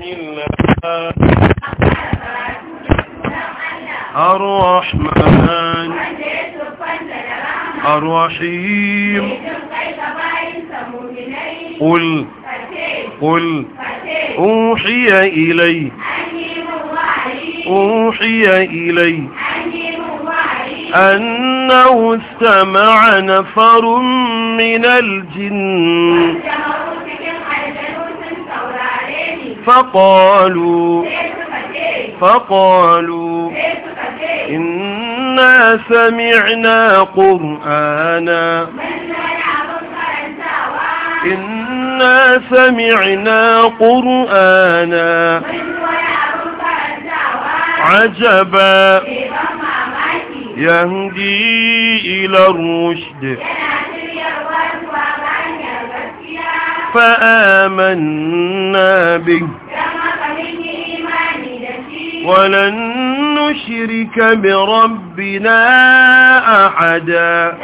الله الرحمن الرحيم قل قل أوحي إلي أوحي إلي أنه استمع نفر من الجن فقالوا فقالوا إنا سمعنا قرآنا إنا سمعنا قرآنا عجبا يهدي إلى الرشد فآمنا به ولن نشرك بربنا أحدا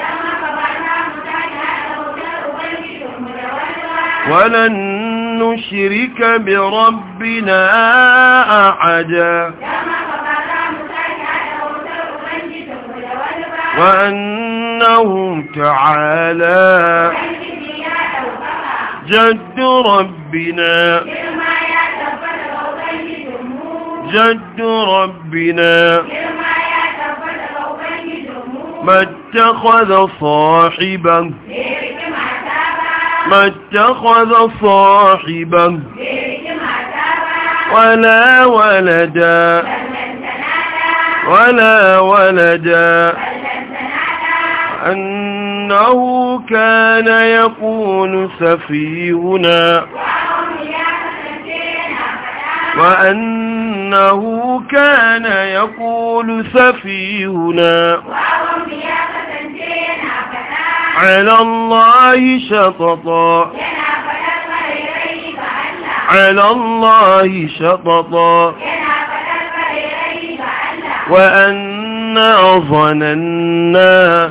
ولن نشرك بربنا أحدا وأنه تعالى جد ربنا جد ربنا ما اتخذ صاحبا ما اتخذ صاحبا ولا ولدا ولا ولدا أن إنه كان يقول سفيهنا وأنه كان يقول سفيهنا على الله شططا على الله شططا وأنا ظننا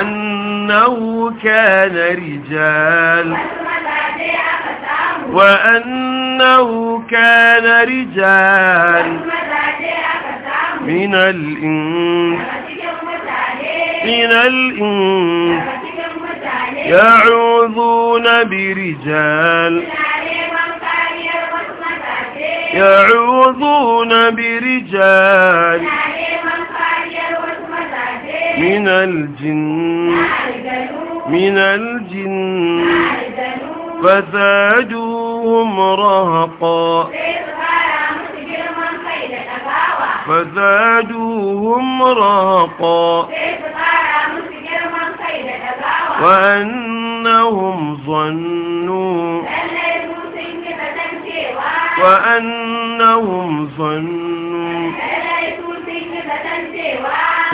أنه كان رجال وأنه كان رجال من الإنس من الإنس يعوذون برجال يعوذون برجال من الجن من الجن فزادوهم رهقا فزادوهم رهقا وأنهم ظنوا وأنهم ظنوا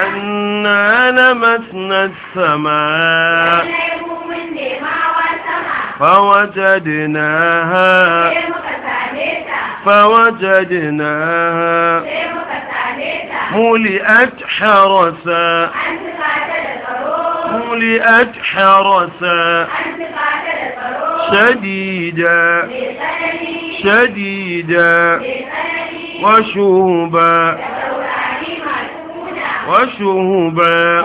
أنا لمسنا السماء فوجدناها فوجدناها ملئت حرسا ملئت حرسا شديدا شديدا وشوبا وشهبا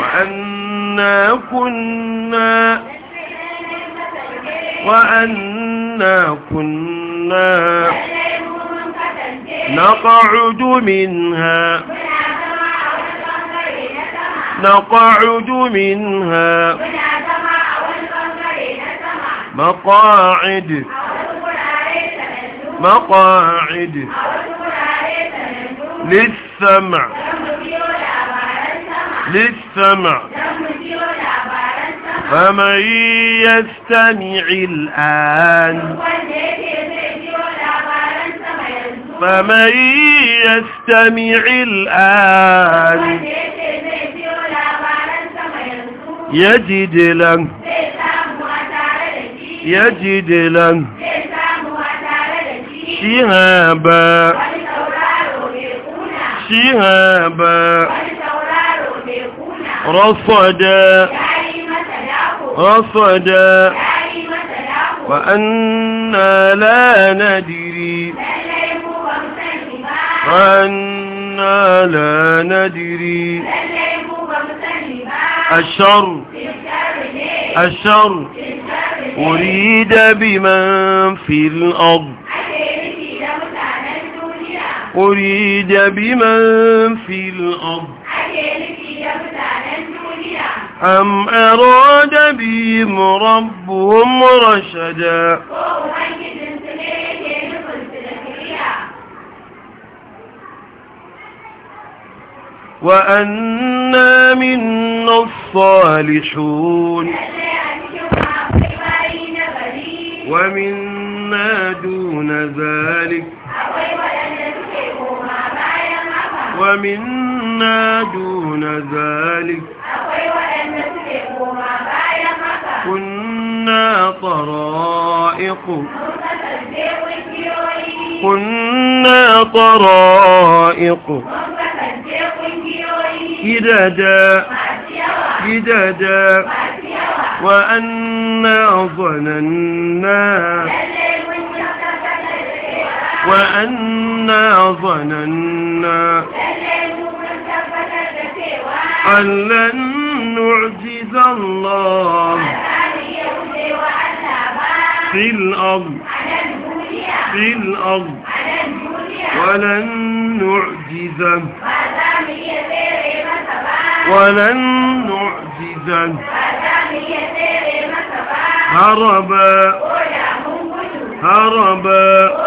وأنا كنا وأنا كنا نقعد منها نقعد منها مقاعد مقاعد للسماء للسمع للسمع فمن يستمع الآن فمن يستمع الآن يجد لن يجد لن شهابا شهابا رصدا رصدا وأنا لا ندري وأنا لا ندري الشر الشر أريد بمن في الأرض أريد بمن في الأرض أم أراد بهم ربهم رشدا وأنا منا الصالحون ومنا دون ذلك ومنا دون ذلك كنا طرائق كنا طرائق جددا جددا وأنا ظننا وأنا ظننا أن لن نعجز الله في الأرض في الأرض ولن نعجزه ولن نعجزه هربا هربا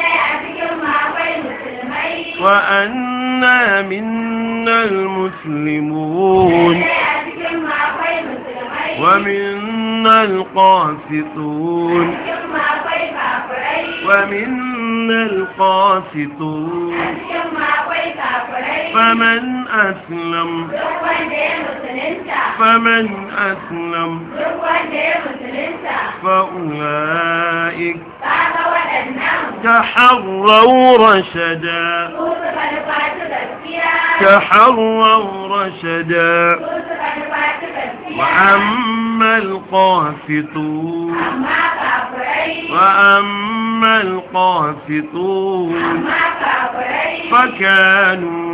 وأنا منا المسلمون ومنا القاسطون ومنا القاسطون فمن أسلم فمن أسلم فأولئك تحروا رشدا تحروا رشدا وأما القاسطون وأما القاسطون فكانوا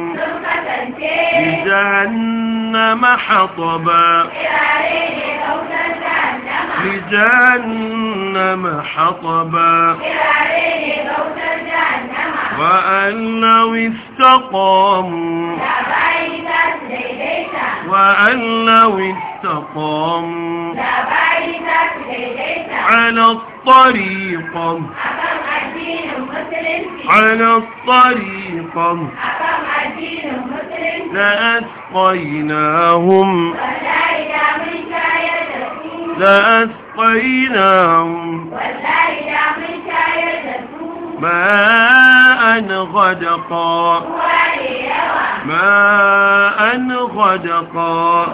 لجهنم حطبا لجهنم حطبا وأن لو استقاموا وأن لو استقاموا على الطريق على الطريق لأسقيناهم لأسقيناهم ماء غدقا ماء غدقا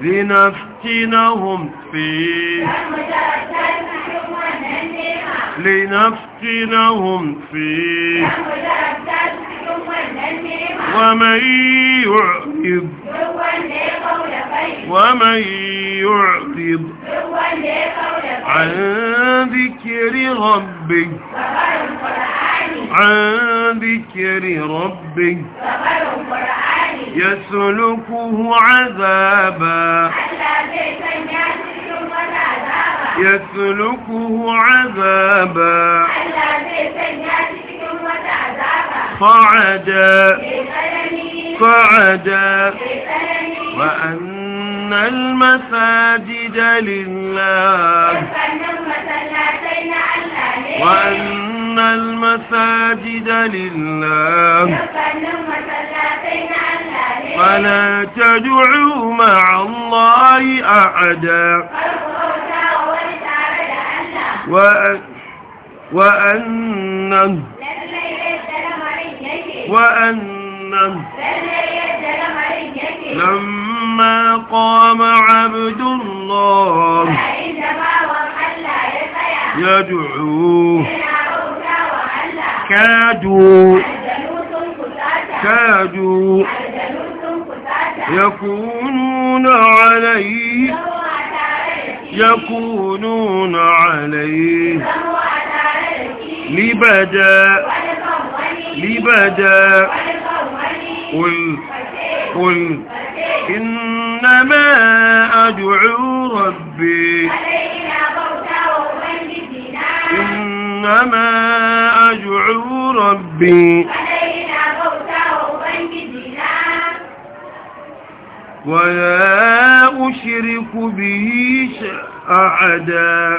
لنفتنهم فيه لنفتنهم فيه ومن يعرض ومن يعرض عن ذكر ربي عن ذكر ربه يسلكه عذابا يسلكه عذابا صعدا صعدا وأن المساجد لله وأن المساجد لله فلا تدعوا مع الله أحدا وأن وأن وأنه لما قام عبد الله يدعوه كادوا كادوا يكونون عليه يكونون عليه لبدا لبدا قل قل إنما أدعو ربي إنما أدعو ربي ولا أشرك به أحدا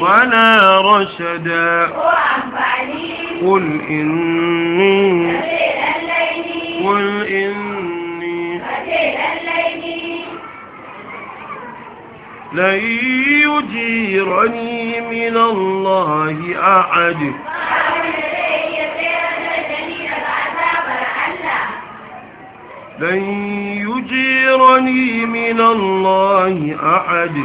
ولا رشدا قل إني قل إني لن يجيرني من الله أحد لن يجيرني من الله أحد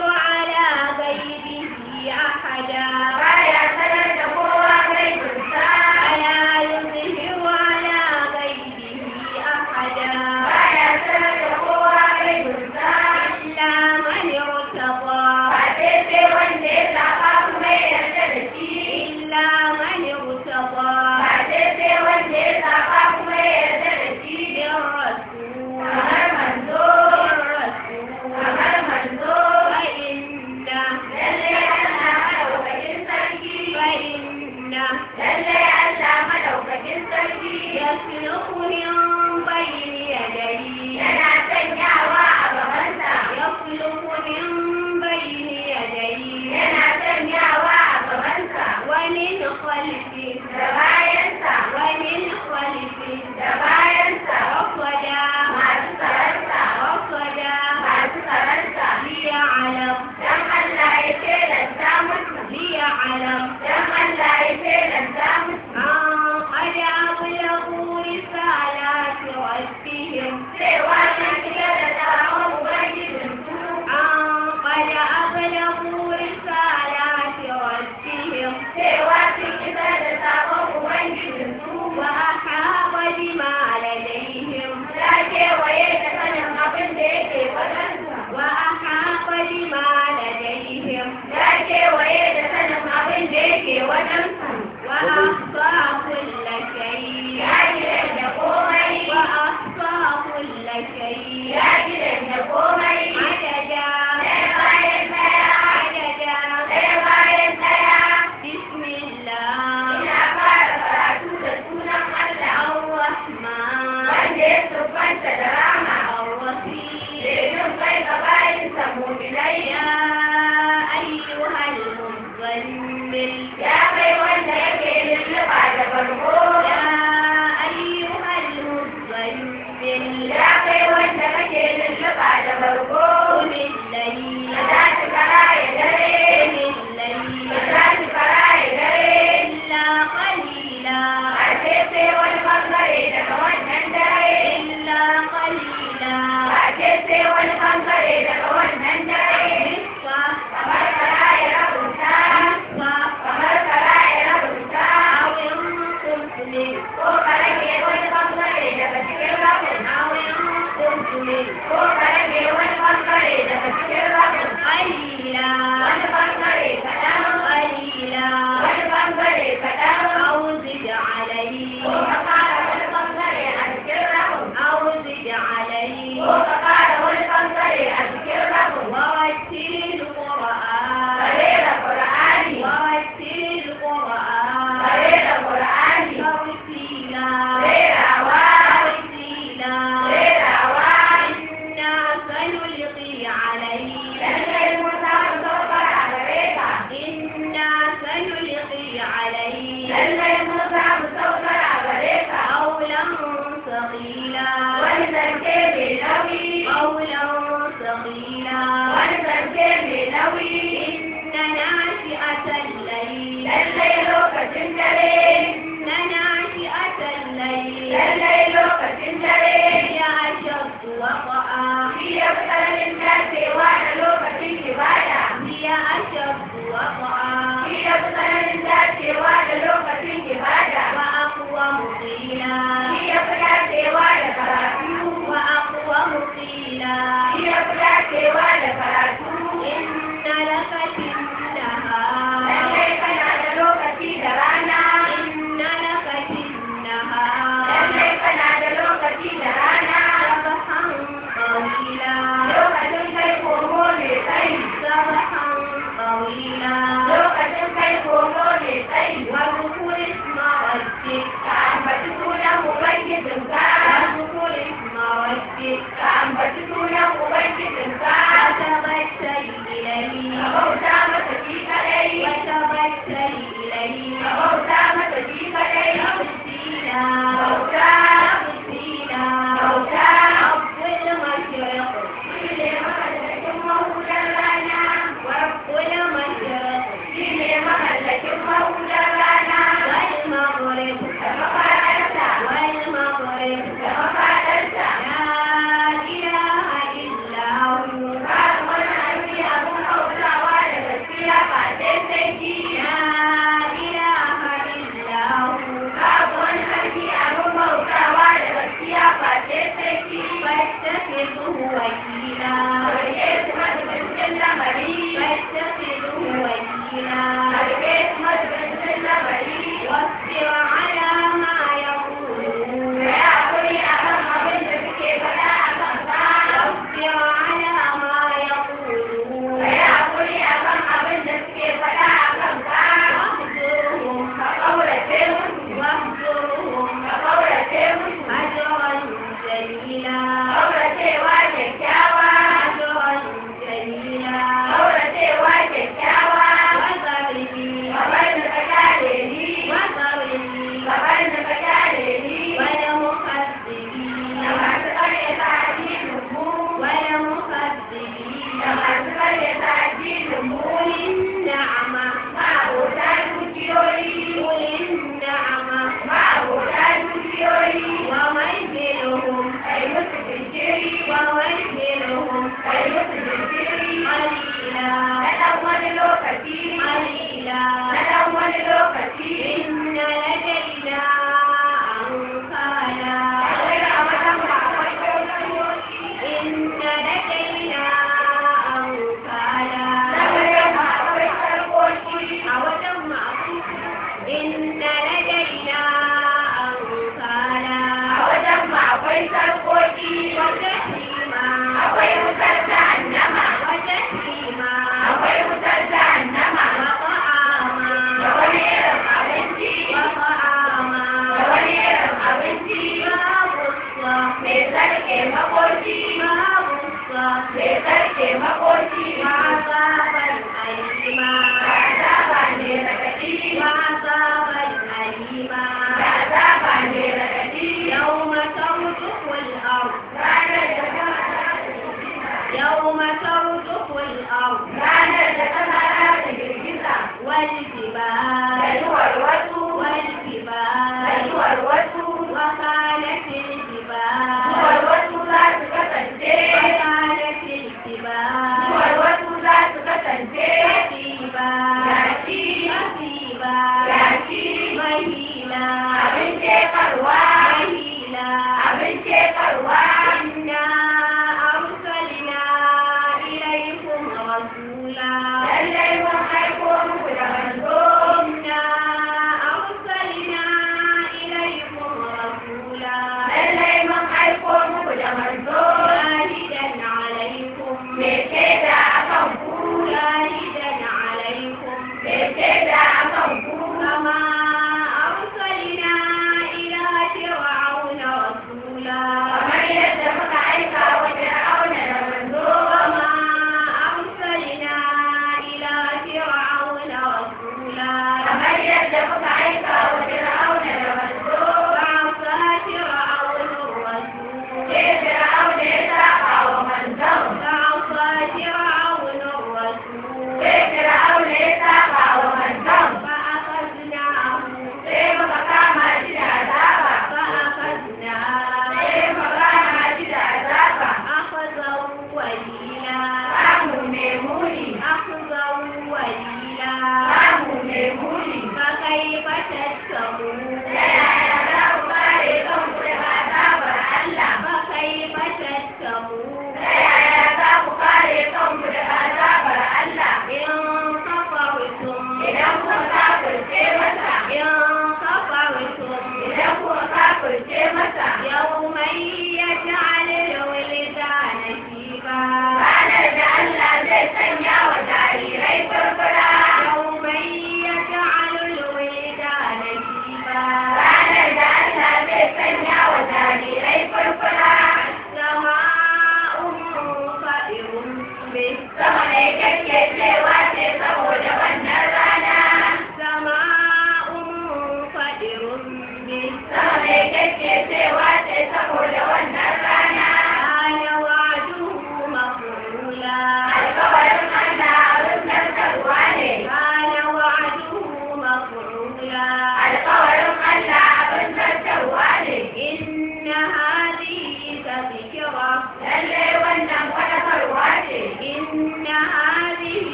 وعلى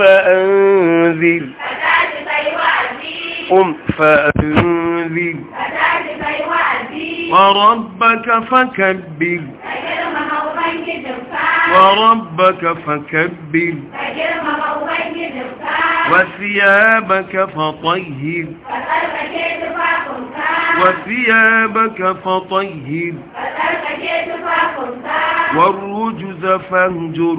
فأنذر قم فأنذر وربك فكبر وربك فكبر وثيابك فطهر وثيابك فطهر والرجز فانجر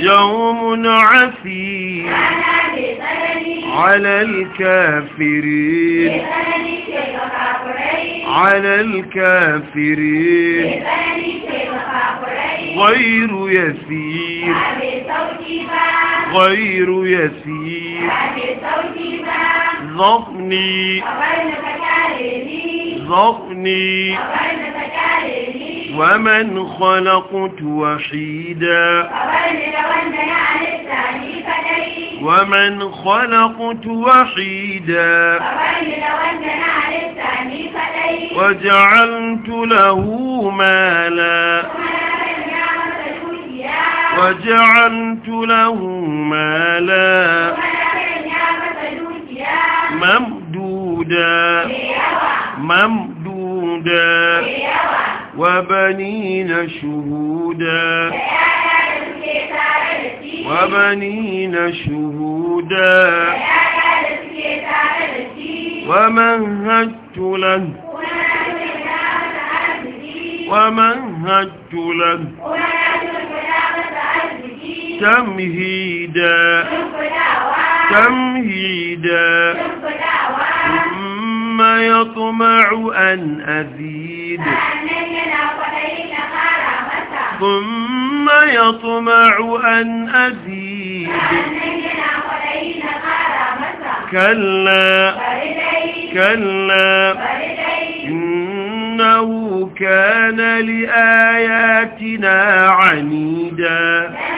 يوم عسير على الكافرين على الكافرين غير يسير غير يسير ظفني ظفني ومن خلقت وحيدا ومن خلقت وحيدا وجعلت له مالا وجعلت له مالا ممدودا ممدودا وبنين شهودا وبنين شهودا ومنهجت له ومنهجت له تمهيدا تمهيدا ثم يطمع أن أزيد ثم يطمع أن أزيد كلا كلا إنه كان لآياتنا عنيدا كلا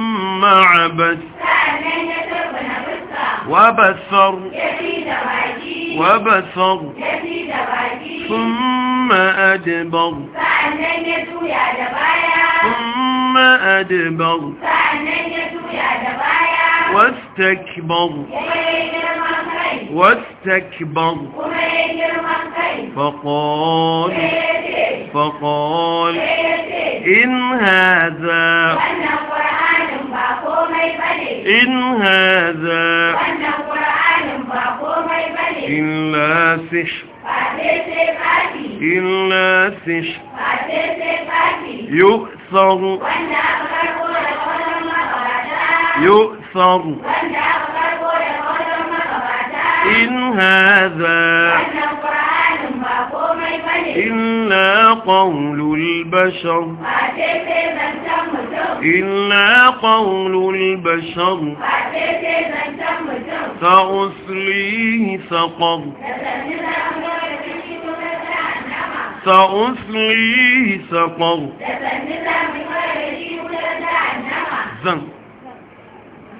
ما بث وبصر وبصر ثم أدبر ثم أدبر واستكبر واستكبر فقال فقال إن هذا إن هذا إلا سحر إلا سحر يؤثر يؤثر إن هذا إلا قول البشر إلا قول البشر سأصليه سقر سأصليه سقر زن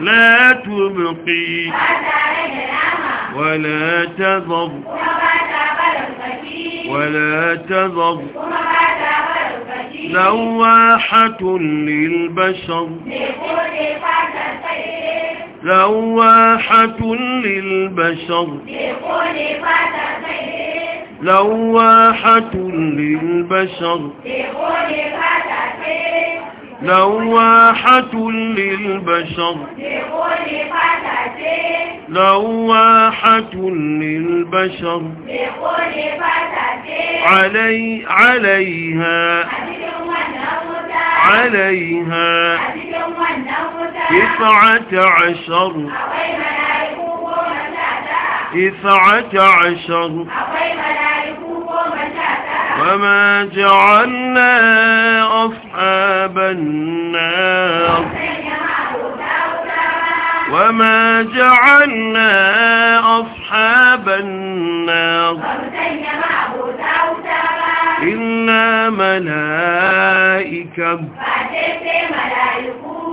لا تبقي ولا تذر ولا تذر لواحة للبشر لواحة للبشر لواحة للبشر لواحة للبشر لواحة للبشر علي عليها عليها تسعة عشر تسعة عشر وما جعلنا أصحاب النار وما جعلنا أصحاب النار إلا ملائكة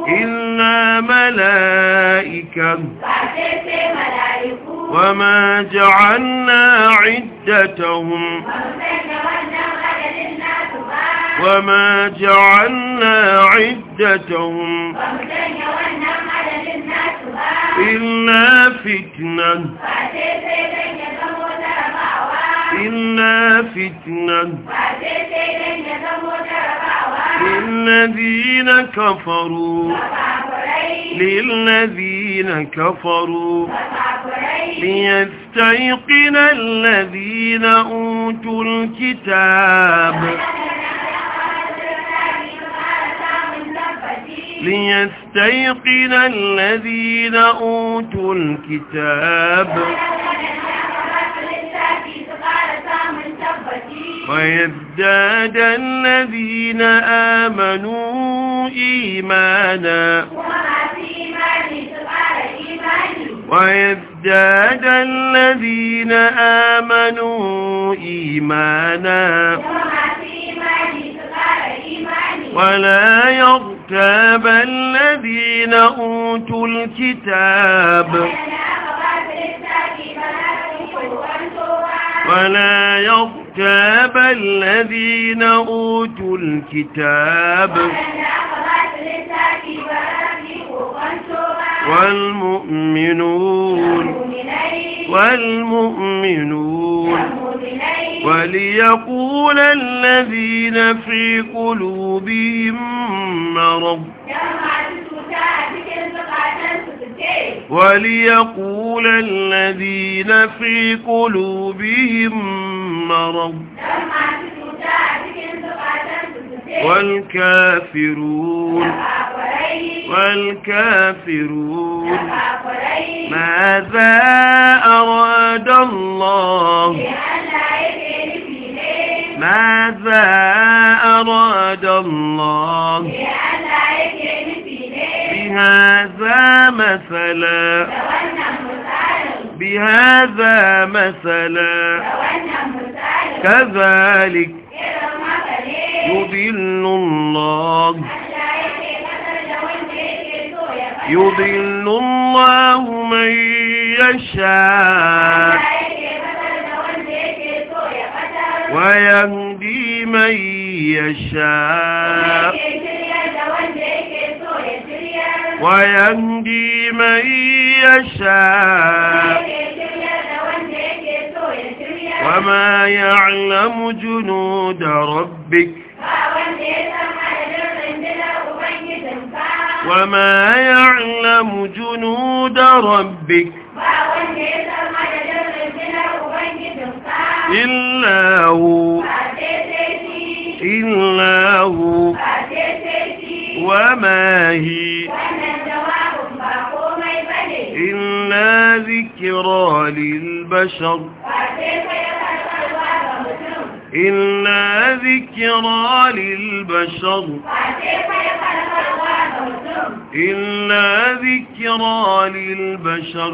إلا ملائكة وما جعلنا عدتهم وما جعلنا عدتهم إلا فتنة إلا فتنة للذين كفروا للذين كفروا ليستيقن الذين أوتوا الكتاب ليستيقن الذين أوتوا الكتاب ويزداد الذين آمنوا إيمانا ويزداد الذين آمنوا إيمانا ولا يرتاب الذين أوتوا الكتاب ولا يرتاب الذين أوتوا الكتاب والمؤمنون والمؤمنون وليقول الذين في قلوبهم مرض وليقول الذين في قلوبهم مرض والكافرون والكافرون ماذا أراد الله ماذا أراد الله بهذا مثلا بهذا مثلا كذلك يضل الله يضل الله من يشاء ويهدي من يشاء ويهدي من يشاء وما يعلم جنود ربك وما يعلم جنود ربك إلا هو إلا هو وما هي إلا ذكرى للبشر إلا ذكرى للبشر إلا ذكرى للبشر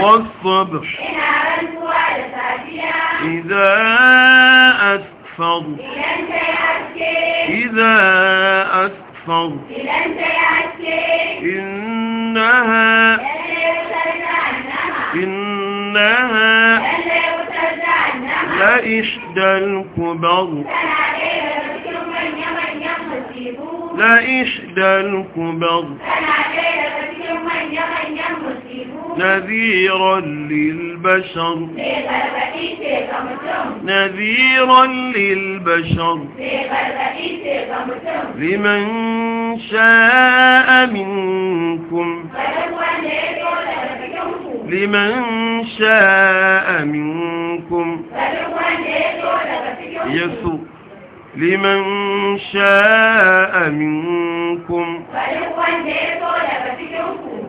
والصبر إذا أسفر إذا أسفر إنها إنها لإشدى الكبر لإشدى الكبر نذيرا للبشر نذيرا للبشر لمن شاء منكم لمن شاء منكم يسوع لمن شاء منكم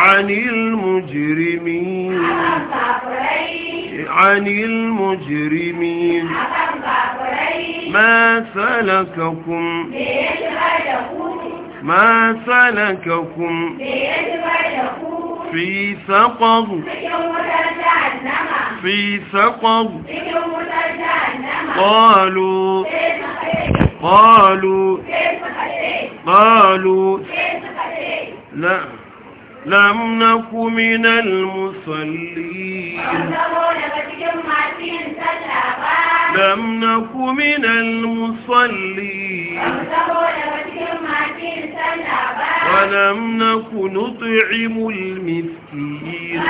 عن المجرمين عن المجرمين ما سلككم ما سلككم في سقر في سقر قالوا قالوا قالوا لا لم نك من المصلين لم نك من المصلين ولم نك نطعم المسكين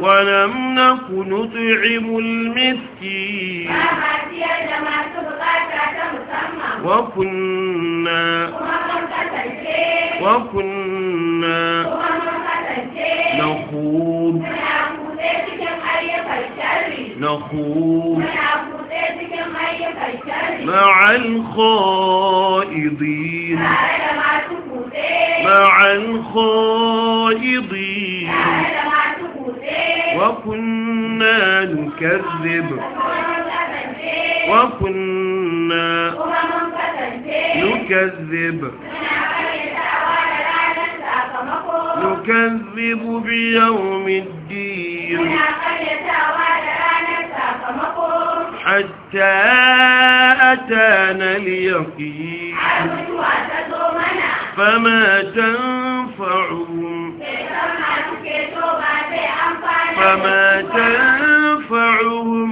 ولم نك نطعم المسكين وكنا وكنا نخوض نخوض مع الخائضين مع الخائضين وكنا نكذب وكنا نكذب يكذب بيوم الدين حتى أتانا اليقين فما تنفعهم فما تنفعهم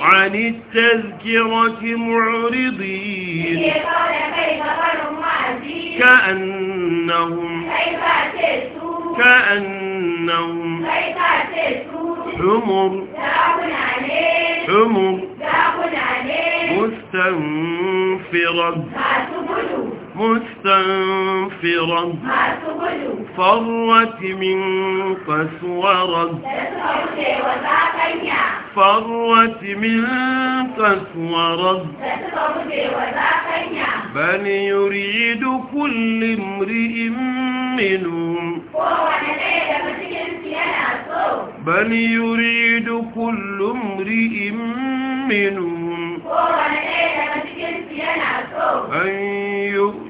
عن التذكرة معرضين كأنهم كأنهم حمر حمر مستنفرة مستنفرة فرت من قسورة فرت من قسورة بل يريد كل امرئ منهم بل يريد كل امرئ منهم أن يؤمن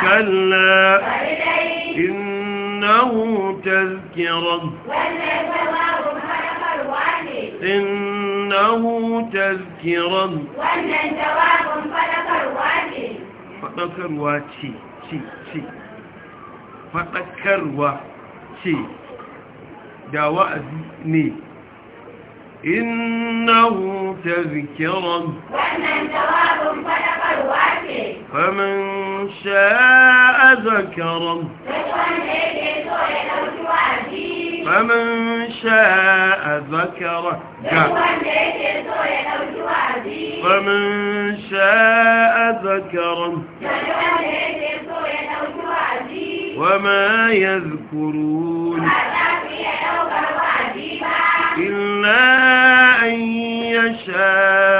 كلا إنه تذكرة إنه تذكرة فتكروا تي تي تي فتكروا تي دواء ني إنه تذكرا وأن الجواب فلق الواتي فمن شاء ذكره فمن شاء ذكره فمن شاء ذكره وما يذكرون إلا أن يشاء